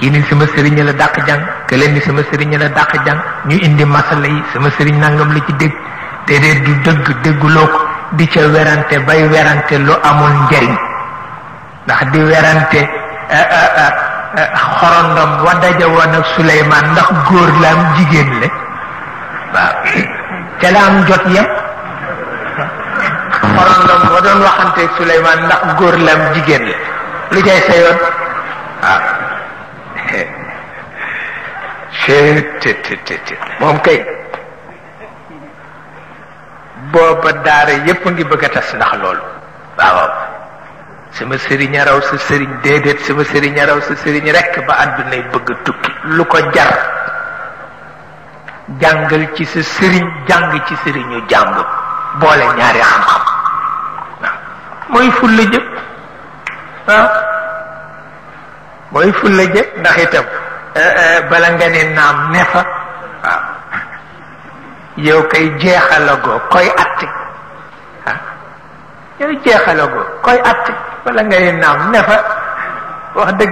kini ni sama serigne la jang ke len ni sama serigne la dak jang ñu indi masal yi sama serigne nangam la ci dégg déedéet du deug dégguloo ko di ca werante bay werante lu amul njariñ ndax di werante xorondom eh, eh, eh, wa daja ak suleyman ndax goor la am jigen le ba ca la am jot yam xorondom wa waxante suleyman ndax goor la am jigen le lu cay sayon ah. cee te te te moom kay booba daara yépp ngi bëgg a tas ndax loolu waaw sama sëriñ a raw sa sëriñ déedéet sama sëriñ a raw sa sëriñ rekk ba àddunay bëgg a tukki lu ko jar jàngal ci sa sëriñ jàng ci sëriñu jàmbur boole ñaari xam-xam waaw mooy fulla jëpp mooy fulla jëpp ndax itam Eh, eh, bala nga ne naam ne fa waaw ah. yow kay jeexalagoo koy atti ah yow jeexalagoo koy atti bala nga ne naam ne fa wax dëgg